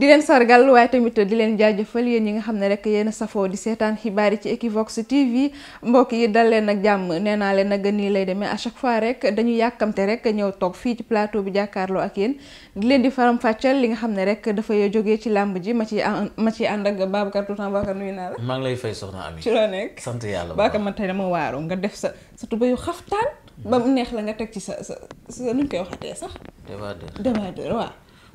di leen sargal waaye tamit di leen jaajëfal yéen yi nga xam ne rek yéen safoo di seetaan xibaar yi ci Equivox TV mbokk yi dal leen ak jàmm nee naa leen nag nii lay demee à chaque fois rek dañu yàkkamte rek ñëw toog fii ci plateau bi jàkkaarloo ak yéen di leen di faram fàcceel li nga xam ne rek dafay jógee ci làmb ji ma ciy ma ciy ànd ak Babacar tout temps Babacar nuyu naa la. maa ngi lay fay soxna Ami. ci loo nekk sant yàlla Babacar man tey dama waaru nga def sa sa tubayu xaftaan ba mu neex la nga teg ci sa sa sa nuñ koy waxatee sax.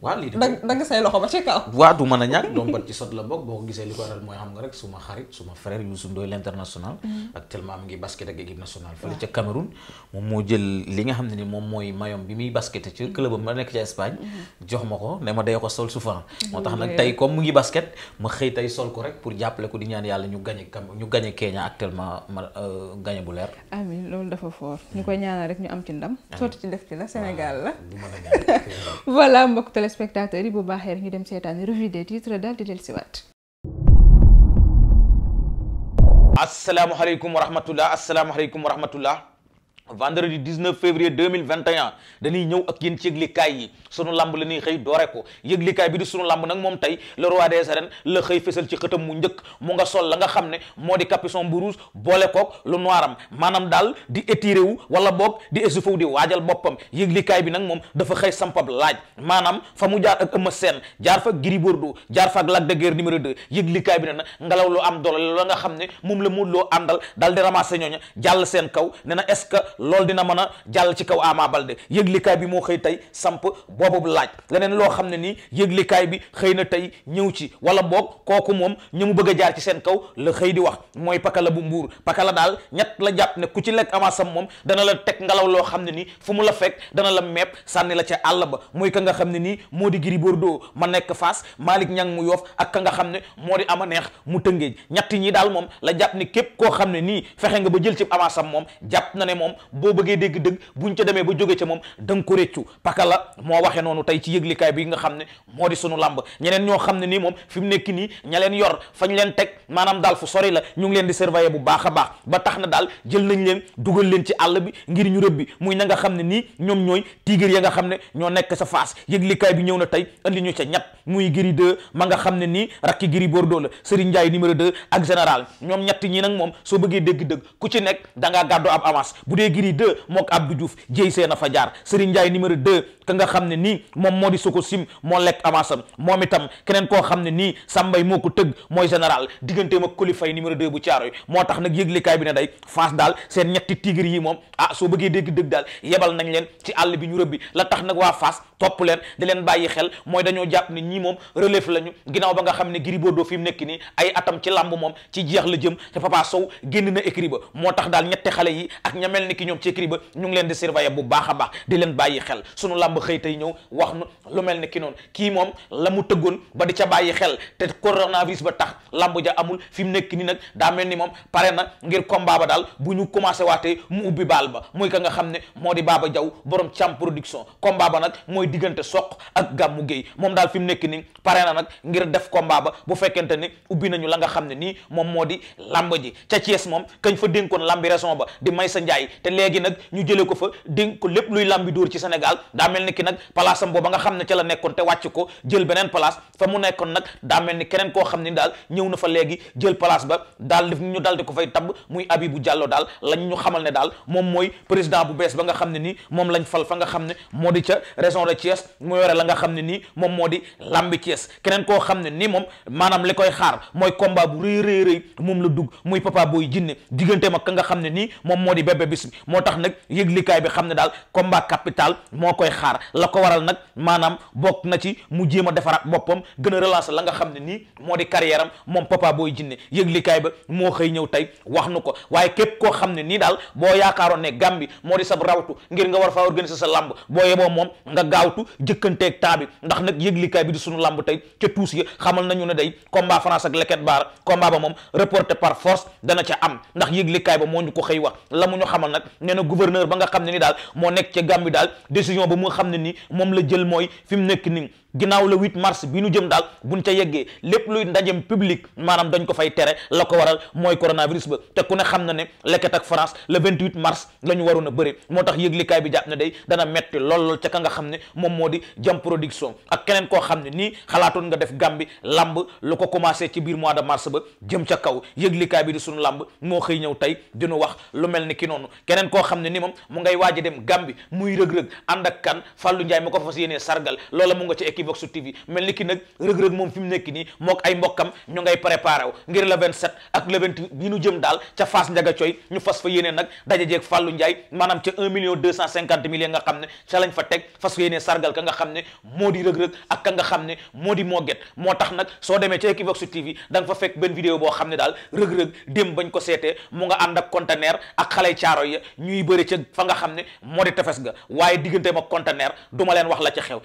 waaw lii dang dang say loxo ba ci kaw waaw du mën a ñàkk donc bat ci sot la bokk boo ko gisee li ko waral mooy xam nga rek suma xarit suma mm-hmm. ne ni moom mooy maillot bi muy basket mm-hmm. ma nekk ca Espagne mm-hmm. jox ma ko ne ma day moo tax nag tey comme mu ngi basket ma xëy tey sol ko rek pour jàppale ko di ñaan yàlla ñu gañe Cam ñu gañe Kenya actuellement ma euh, gañe bu leer amin loolu dafa ñu koy ñaanal rek ñu am ci ndam sotti ci def la Sénégal la voilà téléspectateurs yi bu baaxee rek ñu dem seetaan revue des titres daal di del siwaat asalaamaaleykum wa rahmatullah asalaamaaleykum wa rahmatullah vendredi 19 février 2021 dañuy ñëw ak yéen ci yëglikaay yi sunu lamb la ñuy xëy doore ko yëglikaay bi di sunu lamb nag moom tey le roi des arènes la xëy fésal ci xëtam mu njëkk mu nga sol la nga xam ne bi nag moom dafa xëy sampab laaj la nga xam àndal daal di ramasser ñooña jàll seen kaw ne na loolu dina mën a jàll ci kaw Ama Baldé yëglikaay bi moo xëy tey samp boobu laaj leneen loo xam ne nii yëglikaay bi xëy na tey ñëw ci wala boog kooku moom ñi mu bëgg a jaar ci seen kaw la xëy di wax mooy la bu mbuur la daal ñett la jàpp ne ku ci lekk amaasam moom dana la teg ngelaw loo xam ne nii fu mu la fekk dana la mepp sànni la ca àll ba mooy ka nga xam ne nii moo di Gris Bordeaux ma nekk Fass Malick Niang mu yoof ak nga xam ne moo di ama neex mu tëngéej ñett ñi daal moom la jàpp ne képp koo xam ne nii fexe nga ba jël ci amaasam moom jàpp na ne moom boo bëggee dégg dëgg buñ ca demee ba jóge ca moom da nga ko réccu paka la moo waxee noonu tey ci yëglikaay bi nga xam ne moo di sunu làmb ñeneen ñoo xam ne nii moom fi mu nekk nii ña yor fañ leen teg maanaam daal fu sori la ñu ngi leen di surveiller bu baax baax ba tax na daal jël nañ leen dugal leen ci àll bi ngir ñu rëbbi muy na nga xam ne nii ñoom ñooy tigre ya nga xam ne ñoo nekk sa face yëglikaay bi ñëw na tey andi ñu ca ñett muy giri 2 ma nga xam ne nii rakki giri Bordeaux la Serigne Ndiaye numéro 2 ak général ñoom ñett ñi nag moom soo bëggee dégg dëgg ku ci nekk da ngaa gàddu ab avance bu dee Gris 2 mook Abdou Diouf jéy seen a fa jaar Serigne Ndiaye numéro 2 ka nga xam ne nii moom moo di soko sim moo lekk amasam moom itam keneen koo xam ne nii sàmbay moo ko tëgg mooy général digganteem ak kolifay numéro 2 bu caaro yi moo tax nag yëglikaay bi ne day Fass daal seen ñetti tigre yi moom ah soo bëggee dégg dëgg daal yebal nañ leen ci àll bi ñu rëbbi la tax nag waa Fass topp leen di leen bàyyi xel mooy dañoo jàpp ne ñii moom relève lañu ginnaaw ba nga xam ne Gris fi mu nekk nii ay atam ci làmb moom ci jeex la jëm te Papa Sow génn na écrit ba moo ki ñoom ci ba ñu ngi leen di surveiller bu baax a baax di leen bàyyi xel sunu làmb xëy tey ñëw wax nu lu mel ne ki noonu kii moom la mu tëggoon ba di ca bàyyi xel te coronavirus ba tax làmb ja amul fi mu nekk ni nag daa mel ni moom pare na ngir combat ba daal bu ñu commencé waatee mu ubbi baal ba muy ka nga xam ne moo di Baba Jaw borom cam production combat ba nag mooy diggante soq ak gàmmu géey moom daal fi mu nekk nii pare na nag ngir def combat ba bu fekkente ni ubbi nañu la nga xam ne nii moom moo di làmb ji ca Thiès moom kañ fa dénkoon làmbi raison ba di may sa njaay te léegi nag ñu jëlee ko fa dénk ko lépp luy làmbi dóor ci Sénégal daa mel ni ki nag place am booba nga xam ne ca la nekkoon te wàcc ko jël beneen place fa mu nekkoon nag daa mel ni keneen koo xam ne daal ñëw na fa léegi jël place ba daal def ñu daal di ko fay tabb muy Abibou Diallo daal lañ ñu xamal ne daal moom mooy président bu bees ba nga xam ne nii moom lañ fal fa nga xam ne moo di ca région de Thiès mu yore la nga xam ne nii moom moo di làmbi Thiès keneen koo xam ne nii moom maanaam li koy xaar mooy combat bu rëy rëy moom la dugg muy Papa Boy Djiné digganteem ak ka nga xam ne nii moom moo di bébé bis moo tax nag yëglikaay bi xam ne daal combat capital moo koy xaar la ko waral nag maanaam bokk na ci mu jéem a defaraat boppam gën a relancer la nga xam ne nii moo di carrière am moom Papa booy Djiné yëglikaay ba moo xëy ñëw tey wax nu ko waaye képp koo xam ne nii daal boo yaakaaroon ne Gàmbi moo di sab rawtu ngir nga war fa organiser sa lamb boo yeboo moom nga gaawtu jëkkanteeg taa bi ndax nag yëglikaay bi di sunu lamb tey ca tuus ya xamal nañu ne day combat France ak leket baar combat ba moom reporté par force dana ca am ndax yëglikaay ba moo ñu ko xëy wax la mu ñu nag nee na gouverneur ba nga xam ne ni daal moo nekk ca Gàmbi daal décision ba mu xam ne ni moom la jël mooy fi mu nekk ni ginnaaw le 8 mars bi nu jëm daal buñ ca yeggee lépp luy ndajem public maanaam dañ ko fay tere la ko waral mooy coronavirus ba te ku ne xam na ne leket ak France le 28 mars la ñu waroon a bëri moo tax yëglikaay bi jàpp ne day dana metti lool lool ca ka nga xam ne moom moo di jam production ak keneen koo xam ne nii xalaatoon nga def gàmbi lamb lu ko commencé ci biir mois de mars ba jëm ca kaw yëglikaay bi di sunu lamb moo xëy ñëw tey dinu wax lu mel ni ki noonu keneen koo xam ne ni moom mu ngay waaj a dem gàmbi muy rëg-rëg ànd ak kan Fallou Ndiaye ma ko fas yéenee sargal loola mu nga ci Equivox TV mel ni ki nag rëg-rëg moom fi mu nekk nii mook ay mbokkam ñu ngay préparé wu ngir le 27 ak le 28 bi ñu jëm daal ca Fass Ndiaga Coy ñu fas fa yéene nag dajajeeg Fallou Ndiaye maanaam ca 1 million 250 mille nga xam ne ca lañ fa teg fas fa yéene sargal ka nga xam ne moo di rëg-rëg ne moo di moo moo tax nag soo demee ca Equivox TV da nga fa fekk benn vidéo boo xam ne daal rëg dem bañ ko seetee mu nga ànd ak conteneur ak xale caaro ya ñuy bëri ca fa nga xam ne moo di tefes ga waaye diggante ma conteneur du ma leen wax la ca xew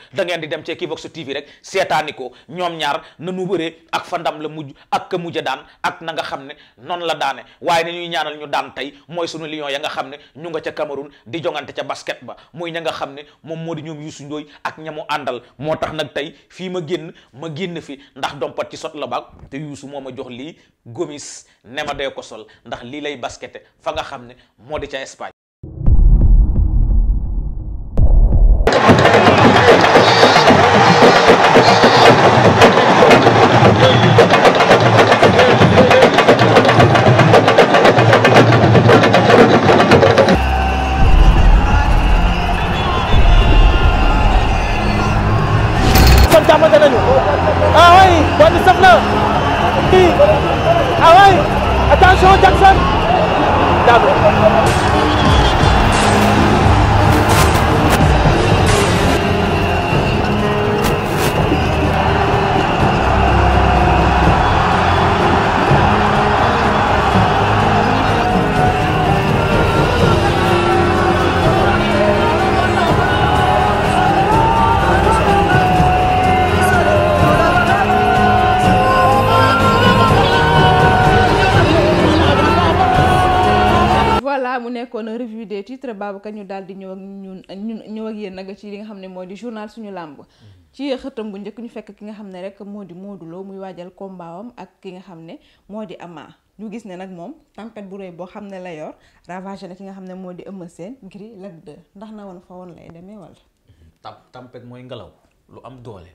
sa TV rek seetaani ko ñoom ñaar nanu wëree ak fa ndam la mujj ak ka mujj daan ak na nga xam ne noonu la daane waaye na ñuy ñaanal ñu daan tey mooy sunu lion ya nga xam ne ñu nga ca Cameroun di jongante ca basket ba muy ña nga xam ne moom moo di ñoom Youssou Ndoye ak ña mu àndal moo tax nag tey fii ma génn ma génn fi ndax dompat ci sot la baag te Youssou moo ma jox lii gomis ne ma dee ko sol ndax lii lay baskete fa nga xam ne moo di ca Espagne xamante nañu ah oui bonne saf la kii ah oui attention Jackson d'accord des titres Babacar ñu daal di ñëw ak ñun ñun ñëw ak yéen nag ci li nga xam ne moo di journal suñu làmb ci xëtam bu njëkk ñu fekk ki nga xam ne rek moo di Modou Lo muy waajal kombaawam ak ki nga xam ne moo di Ama ñu gis ne nag moom tempête bu rëy boo xam ne la yor ravagé ne ki nga xam ne moo di Eumeu Sène ngir la 2 ndax na woon fa woon lay demee wala. tam mooy ngelaw lu am doole.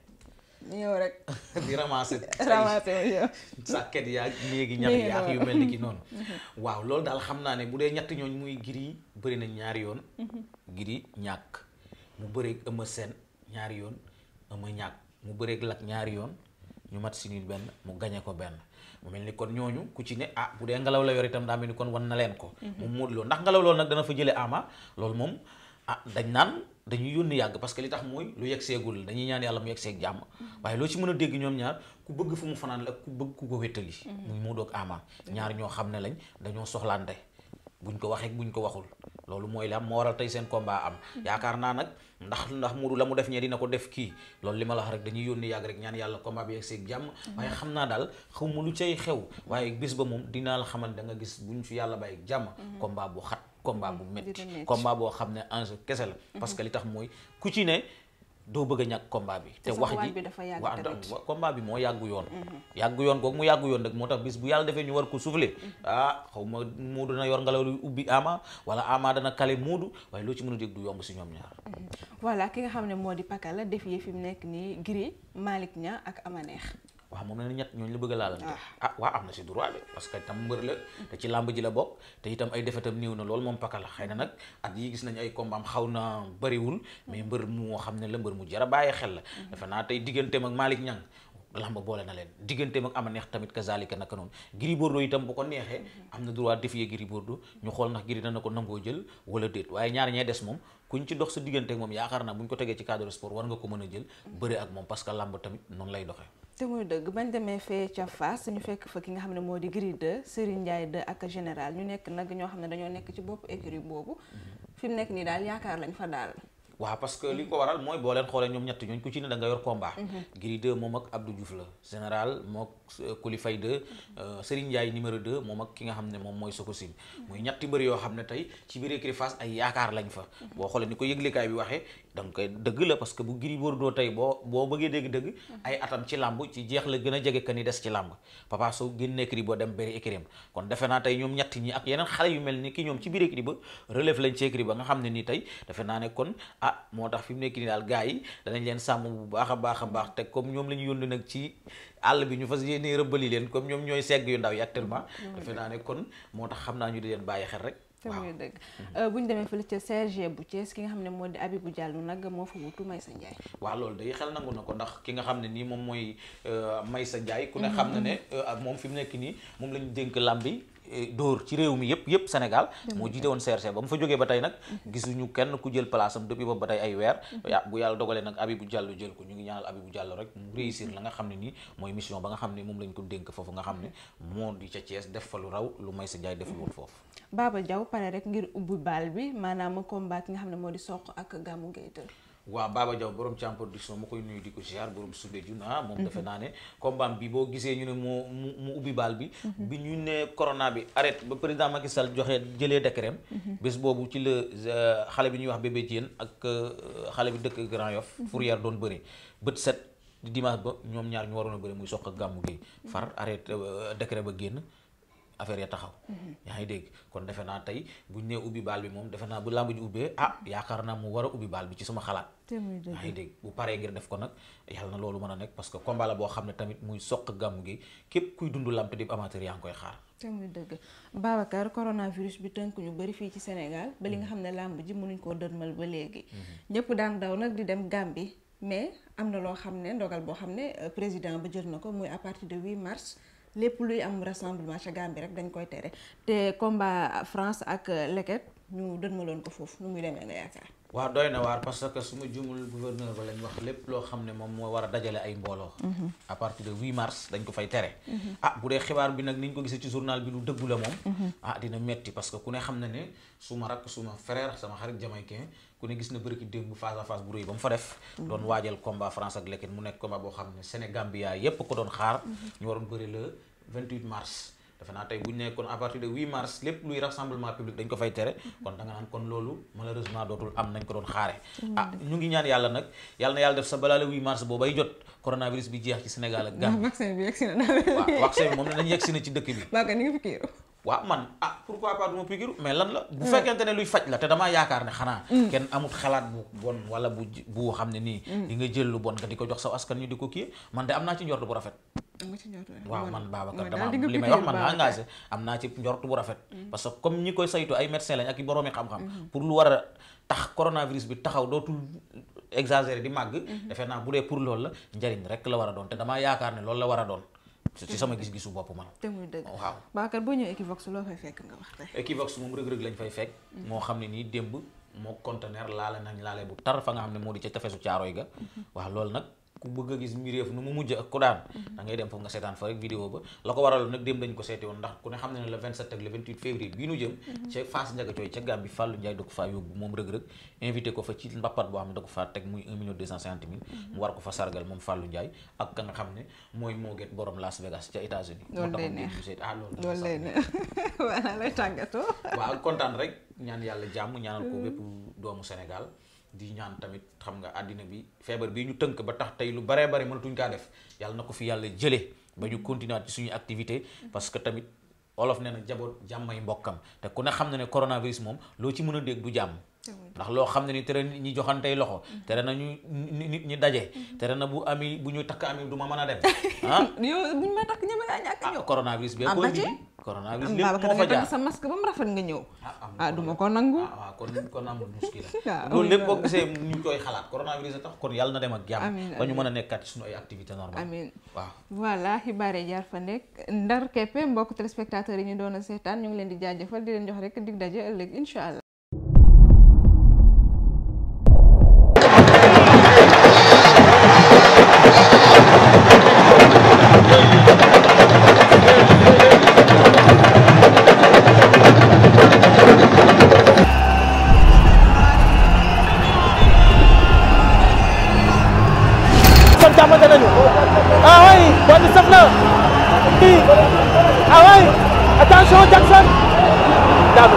ñëw rek. di ramasser. ramasser wu ñëw sàkket yaag néegi ñax yaag yu mel ni ki noonu. waaw loolu daal xam naa ne bu dee ñett ñooñ muy giri bëri na ñaari yoon. Mhm. giri ñàkk mu bëreeg ama seen ñaari yoon Eumeu ñàkk mu bëreeg Lac ñaari yoon ñu mat si nit benn mu gañe ko benn. mu mel ni kon ñooñu ku ci ne ah bu dee ngelaw la yor itam daa mel ni kon wan na leen ko. Mhm. mu Modou Lo ndax ngelaw lool nag dana fa jëlee ama loolu moom ah dañ naan. dañuy yónni yàgg parce que li tax mooy lu yegg seegul dañuy ñaan yàlla mu yegg seeg jàmm waaye loo ci mën a dégg ñoom ñaar ku bëgg fu mu fanaan la bëgg ku ko wéttali muy Modou ak ñoo xam ne lañ dañoo soxlaante buñ ko waxee buñ ko waxul loolu mooy la am moo waral tey seen combat am yaakaar naa nag ndax ndax Modou la mu def ñee dina ko def kii loolu li ma la wax rek dañuy yónni yàgg rek ñaan yàlla combat bi yegg seeg jàmm waaye xam naa daal xaw ma lu cay xew waaye bis ba moom dinaa la xamal da nga gis buñ fi yàlla bàyyi jàmm combat bu xat combat bu métti combat boo xam ne enjeu kese la mhm. parce que li tax mooy ku ci ne doo bëgg a ñàkk combat bi te wax ji waaw combat bi moo yàggu yoon mhm. yàggu yoon kooku mu yàggu yoon nag moo tax bis bu yàlla defee ñu war ko soufflé mhm. ah xaw ma Moodu dana yor ngelaw lu ubbi Ama wala Ama dana kale Moodu waaye loo ci mën a dégg du yomb si ñoom ñaar voilà ki nga xam ne moo di Pakala def yi fi mu nekk nii Gris Malick Niang ak Ama Neex waaw moom ne ñett ñooñu bëgg a laalante ah, ah waaw am na si droit bi parce que tam la te ci la ay defetam néew na lool moom paka la xëy na nag gis nañu ay combat xaw na bëriwul mais mbër mu xam ne la mbër mu jara bàyyi xel la mm-hmm. dafa naa tey digganteem ak Malick Niang làmb boole leen digganteem ak ama neex tamit kazalika naka noonu Gris Bordeaux itam bu ko neexee mm-hmm. am na droit défier Gris Bordeaux ñu xool ndax Gris ko nangoo jël wala déet waaye ñaar ñee des moom kuñ ci dox sa diggante ak moom yaakaar naa ko tegee nga ko mën a jël mm-hmm. bëre ak moom parce que làmb tamit noonu lay doxe te muy dëgg bañ demee fee ca Fass ñu fekk fa ki nga xam ne moo di Gris 2 Serigne Ndiaye 2 ak général ñu nekk nag ñoo xam ne dañoo nekk ci bopp écurie boobu fi mu nekk nii daal yaakaar lañ fa daal waaw parce que li ko waral mooy boo leen xoolee ñoom ñett ñooñ ku ci ne da nga yor combat mhm. Gris moom ak Abdou Diouf la général moom ak euh, Coly Faye 2 euh, Serigne moom ak ki nga xam ne moom mooy soo Sokosine muy ñetti mbër yoo xam ne tey ci biir écurie Fass ay yaakaar lañ fa mhm. boo xoolee ni ko yëglekaay bi waxee danga koy dëgg la parce que bu Gris Bordeaux tey boo boo bëggee dégg dëgg ay atam ci làmb ci jeex la gën a jege ka ni des ci làmb Papa Sow génne écurie ba dem bëri écurie kon defe naa tey ñoom ñett ñi ak yeneen xale yu mel ni ki ñoom ci biir écurie ba relève lañ ne nii tey kon ah, moo tax fi mu nekk nii daal gars yi danañ leen sàmm bu a baax a baax te comme la ñu yónni nag ci àll bi ñu fas yéene rëbbali leen comme ñoom ñooy yu ndaw yi actuellement mm. moo tax xam naa ñu di leen bàyyi xel rek te muy dëgg euh, bu ñu demee fële ca CRG bu Thiès ki nga xam ne moo di Abibou Diallo nag moo fa wutu Maysa Ndiaye waaw loolu day xel nangu na ko ndax ki nga xam ne nii moom mooy may euh, Maysa Ndiaye ku ne mm-hmm. xam na ne euh, moom fi mu nekk nii moom la ñu dénk làmbi Eh, dóor ci réew mi yëpp yëpp Sénégal moo jiite woon CRC ba mu fa jógee ba tey nag mm-hmm. gisuñu kenn ku jël place am depuis ba ba tey ay weer mm-hmm. yaa bu yàlla dogalee nag Abibou Diallo jël ko ñu ngi ñaanal Abibou Diallo rek mu réussir mm-hmm. la nga xam ne mooy mission ba nga xam ne moom lañ ko dénk foofu nga xam ne moo di ca Thiès def fa lu raw lu may sa jaay deful foofu Baba Diaw pare rek ngir ubbi baal bi maanaam combat ki nga xam ne moo di soq ak gàmmu waaw Baba Diaw borom Thiam production ma koy nuyu di ko ziar borom Soumbédioune ah moom defe mhm. naa ne combat bi boo gisee ñu ne moo mu mu ubbi baal bi mhm. bi ñu ne corona bi arrête ba président Macky Sall joxe jëlee décret mhm. bés boobu ci la euh, xale bi ñuy wax bébé Diène ak euh, xale bi dëkk Grand Yoff Fourrière doon bëri bët set dimanche ba ñoom ñaar ñu waroon a bëri muy soq ak gàmmu gi far arrêté euh, décret ba génn affaire ya taxaw mhm. yaa ngi dégg kon defe naa tey buñ nee ubbi baal bi moom defe naa bu làmb ji ubbee ah yaakaar naa mu war a ubbi baal bi ci sama xalaat te ngi dégg bu paree ngir def ko nag yàlla na loolu man a nekk parce que combat la boo xam ne tamit muy soq gàmmu gi képp kuy dund làmb te di amateur yaa ngi koy xaar te muy dëgg Babacar coronavirus bi tënk ñu bari fii ci Sénégal ba li nga mhm. xam ne làmb ji mënuñ koo dërmal ba léegi mhm. ñëpp daan daw nag di dem Gàmbi mais am na loo xam ne ndogal boo xam ne euh, président ba jël na ko muy à partir de mars lépp luy am rassemblement ca Gambie rek dañ koy tere te combat France ak leket ñu dënmaloon ko foofu nu muy demee nga yaakaar. waaw doy na waar parce que su ma jumul gouverneur ba lañ wax lépp loo xam ne moom moo war a dajale ay mbooloo. Mhm. à de 8 mars dañ ko fay tere. Mhm. ah bu dee xibaar bi nag ni ñu ko gisee ci journal bi lu dëggu la moom. Mhm. ah dina metti parce que ku ne xam na ne suma rakk suma frère sama xarit jamaïcain ku ne gis na bëri ki démb face à face bu rëy ba mu fa def. doon waajal combat France ak Leket mu nekk combat boo xam ne Sénégambia yépp ko doon xaar. ñu waroon bëri le mars. defe naa tey bu ñu nekkoon à partir de mars lépp luy rassemblement public dañ ko fay tere kon da naan kon loolu malheureusement dootul am nañ ko doon xaare mm-hmm. ah ñu ngi ñaan yàlla nag yàlla na yàlla def sa balaa le 8 mars boobay jot coronavirus bi jeex ci Sénégal ak Gambie. vaccin bi yegsi waaw man ah pourquoi pas du ma piqûre mais lan la bu hmm. fekkente ne luy faj la te damaa yaakaar ne xanaa hmm. kenn amut xalaat bu bon wala bu bu xam ne nii hmm. di nga jël lu bon nga di ko jox saw askan ñu di ko kii man de am naa ci njort bu rafet eh? waaw man Babacar dama li may wax man na engagé am naa ci bu rafet parce que comme ñi koy saytu ay médecin lañ ak i boroomi xam-xam pour lu war a tax coronavirus bi taxaw dootul exagéré di màgg defe naa bu dee pour loolu la njariñ rek la war a doon te damaa yaakaar ne loolu la war a doon ci sama gis-gisu bopp man. te muy dëgg oh, waaw. Bakar boo ñëw Equivox loo fay fekk nga wax tey. Equivox moom rëg-rëg lañ fay fekk. Mm-hmm. moo xam ne nii démb moo conteneur laale nañ laale bu tar fa nga xam ne moo di ca tefesu caaroy ga. Mm-hmm. waaw loolu nag. ku bëgg a gis mbir nu mu mujj ak ku daan da dem foofu nga seetaan fa rek vidéo ba la ko waral nag dem dañ ko seeti woon ndax ku ne xam ne mhm. ne mhm. mu war ko fa sargal moom Fallou Ndiaye ak nga xam ne mooy moo get Las Vegas ca états ah, loolu loolu lay neex lay tàngatoo waaw kontaan rek ñaan yàlla jàmm ñaanal ko mm. bépp doomu Sénégal di ñaan tamit xam nga àddina bi feebar bi ñu tënk ba tax tey lu baree bare mënatuñ kaa def yàlla na ko fi yàlla jëlee ba ñu continuer suñu activité parce que tamit olof nee na jaboot jàmmay mbokkam te ku ne xam na ne coronavirus moom loo ci mën a dégg du jàmm ndax loo xam ne ni tere ñi joxantey loxo tere na ñu nit ñi daje tere na bu ami bu ñu takk ami du ma mën a dem ah yow buñ ma takk coronavirus lépp moo fa jaar sa masque ba mu rafet nga ñëw. ah du ko nangu. ah kon kon amul muskila. waaw loolu lépp boo gisee ñu koy xalaat coronavirus tax kon yàlla na dem ak jàmm. amiin ba ñu mën a nekkaat suñu activité normale. amiin waaw. voilà xibaar jaar fa nekk ndar keppe mbokk téléspectateurs yi ñu doon a seetaan ñu ngi leen di jaajëfal di leen jox rek dig daje ëllëg incha allah. Mendy ah ouais attention Jackson daanu